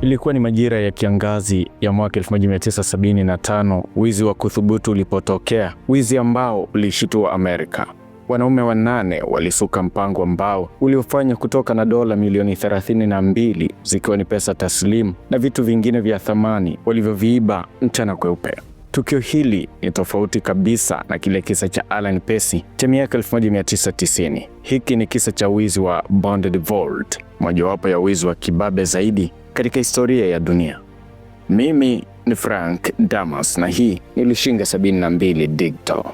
Ilikuwa ni majira ya kiangazi ya mwaka 1975 wizi wa kuthubutu ulipotokea, wizi ambao ulishitua Amerika. Wanaume wanane walisuka mpango ambao uliofanya kutoka na dola milioni 32 zikiwa ni pesa taslimu na vitu vingine vya thamani walivyoviiba mchana kweupe. Tukio hili ni tofauti kabisa na kile kisa cha Alan Pesi cha miaka 1990. Hiki ni kisa cha wizi wa bonded vault, mojawapo ya wizi wa kibabe zaidi katika historia ya dunia. Mimi ni Frank Damas na hii ni 72 Digital.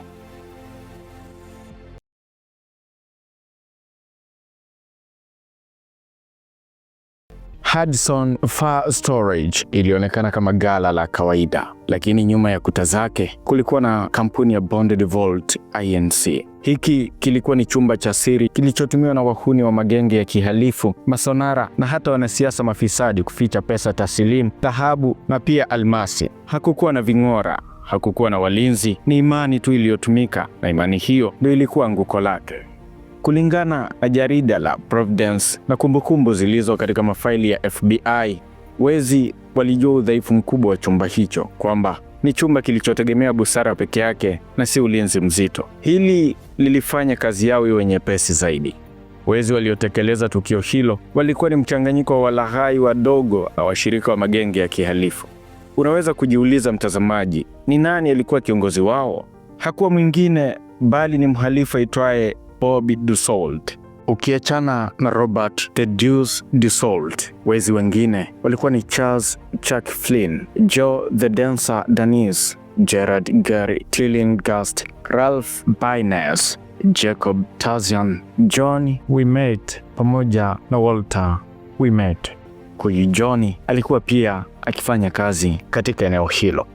Hudson Far Storage ilionekana kama gala la kawaida, lakini nyuma ya kuta zake kulikuwa na kampuni ya Bonded Vault Inc. Hiki kilikuwa ni chumba cha siri kilichotumiwa na wahuni wa magenge ya kihalifu, masonara na hata wanasiasa mafisadi kuficha pesa taslimu, dhahabu na pia almasi. Hakukuwa na ving'ora, hakukuwa na walinzi, ni imani tu iliyotumika, na imani hiyo ndio ilikuwa anguko lake. Kulingana na jarida la Providence na kumbukumbu zilizo katika mafaili ya FBI, wezi walijua udhaifu mkubwa wa chumba hicho, kwamba ni chumba kilichotegemea busara peke yake na si ulinzi mzito. Hili lilifanya kazi yao iwe nyepesi zaidi. Wezi waliotekeleza tukio hilo walikuwa ni mchanganyiko wa walaghai wadogo na washirika wa magenge ya kihalifu. Unaweza kujiuliza mtazamaji, ni nani alikuwa kiongozi wao? Hakuwa mwingine bali ni mhalifu aitwaye Bobby Dussault. Ukiachana na Robert The Deuce Dussault, wezi wengine walikuwa ni Charles Chuck Flynn, Joe The Dancer Danis, Gerard Gary Tillinghast, Ralph Bynes, Jacob Tazian, John Wimet pamoja na Walter Wimet. Huyu John alikuwa pia akifanya kazi katika eneo hilo.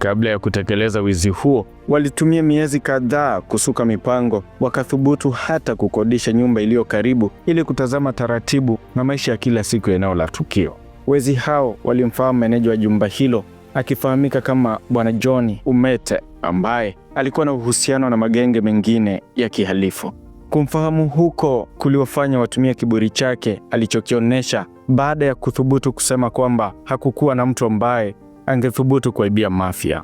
Kabla ya kutekeleza wizi huo, walitumia miezi kadhaa kusuka mipango, wakathubutu hata kukodisha nyumba iliyo karibu ili kutazama taratibu na maisha ya kila siku ya eneo la tukio. Wezi hao walimfahamu meneja wa jumba hilo akifahamika kama Bwana John Umete, ambaye alikuwa na uhusiano na magenge mengine ya kihalifu. Kumfahamu huko kuliwafanya watumia kiburi chake alichokionyesha baada ya kuthubutu kusema kwamba hakukuwa na mtu ambaye angethubutu kuibia Mafia.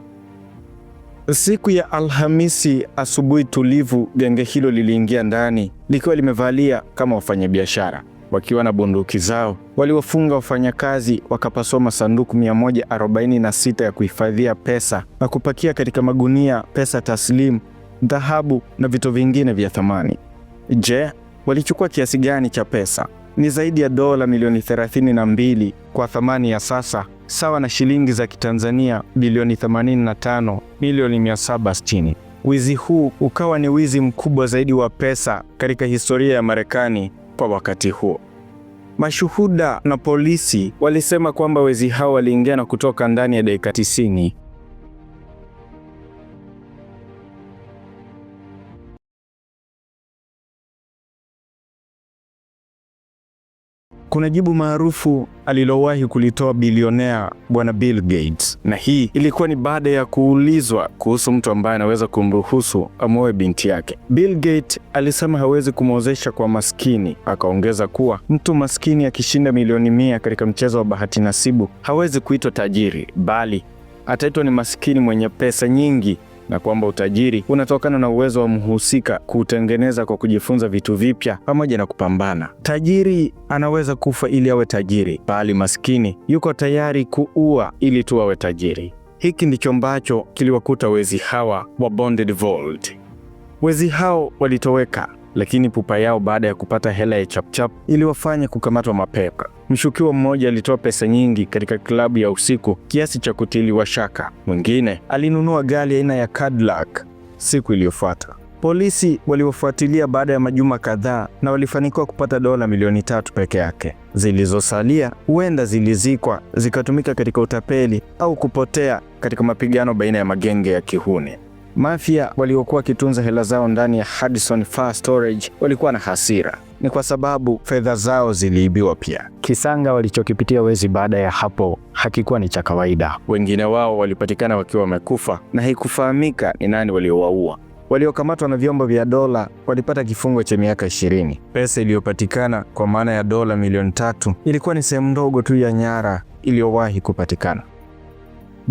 Siku ya Alhamisi asubuhi tulivu, genge hilo liliingia ndani likiwa limevalia kama wafanyabiashara wakiwa na bunduki zao. Waliwafunga wafanyakazi, wakapasua masanduku 146 ya kuhifadhia pesa na kupakia katika magunia pesa taslimu, dhahabu na vitu vingine vya thamani. Je, walichukua kiasi gani cha pesa? Ni zaidi ya dola milioni 32 kwa thamani ya sasa sawa na shilingi za Kitanzania bilioni 85 milioni 760. Wizi huu ukawa ni wizi mkubwa zaidi wa pesa katika historia ya Marekani kwa wakati huo. Mashuhuda na polisi walisema kwamba wezi hao waliingia na kutoka ndani ya dakika 90. Kuna jibu maarufu alilowahi kulitoa bilionea bwana Bill Gates, na hii ilikuwa ni baada ya kuulizwa kuhusu mtu ambaye anaweza kumruhusu amuoe binti yake. Bill Gates alisema hawezi kumwozesha kwa maskini, akaongeza kuwa mtu maskini akishinda milioni mia katika mchezo wa bahati nasibu hawezi kuitwa tajiri, bali ataitwa ni maskini mwenye pesa nyingi na kwamba utajiri unatokana na uwezo wa mhusika kutengeneza kwa kujifunza vitu vipya pamoja na kupambana. Tajiri anaweza kufa ili awe tajiri, bali maskini yuko tayari kuua ili tu awe tajiri. Hiki ndicho ambacho kiliwakuta wezi hawa wa Bonded Vault. Wezi hao walitoweka, lakini pupa yao baada ya kupata hela ya chapchap iliwafanya kukamatwa mapema. Mshukiwa mmoja alitoa pesa nyingi katika klabu ya usiku kiasi cha kutiliwa shaka. Mwingine alinunua gari aina ya Cadillac. Siku iliyofuata polisi waliwafuatilia baada ya majuma kadhaa na walifanikiwa kupata dola milioni tatu peke yake. Zilizosalia huenda zilizikwa zikatumika katika utapeli au kupotea katika mapigano baina ya magenge ya kihuni. Mafia waliokuwa wakitunza hela zao ndani ya Hudson Fur Storage walikuwa na hasira, ni kwa sababu fedha zao ziliibiwa pia. Kisanga walichokipitia wezi baada ya hapo hakikuwa ni cha kawaida. Wengine wao walipatikana wakiwa wamekufa na haikufahamika ni nani waliowaua. Waliokamatwa na vyombo vya dola walipata kifungo cha miaka ishirini. Pesa iliyopatikana kwa maana ya dola milioni tatu ilikuwa ni sehemu ndogo tu ya nyara iliyowahi kupatikana.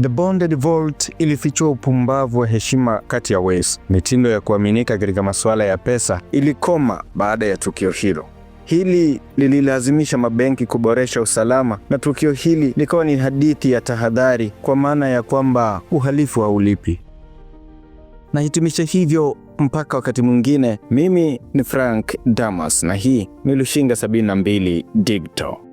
The Bonded Vault ilifichua upumbavu wa heshima kati ya Wales. Mitindo ya kuaminika katika masuala ya pesa ilikoma baada ya tukio hilo. Hili lililazimisha mabenki kuboresha usalama na tukio hili likawa ni hadithi ya tahadhari kwa maana ya kwamba uhalifu haulipi. Na hitimisha hivyo mpaka wakati mwingine. Mimi ni Frank Damas na hii ni Lushinga 72 Digital.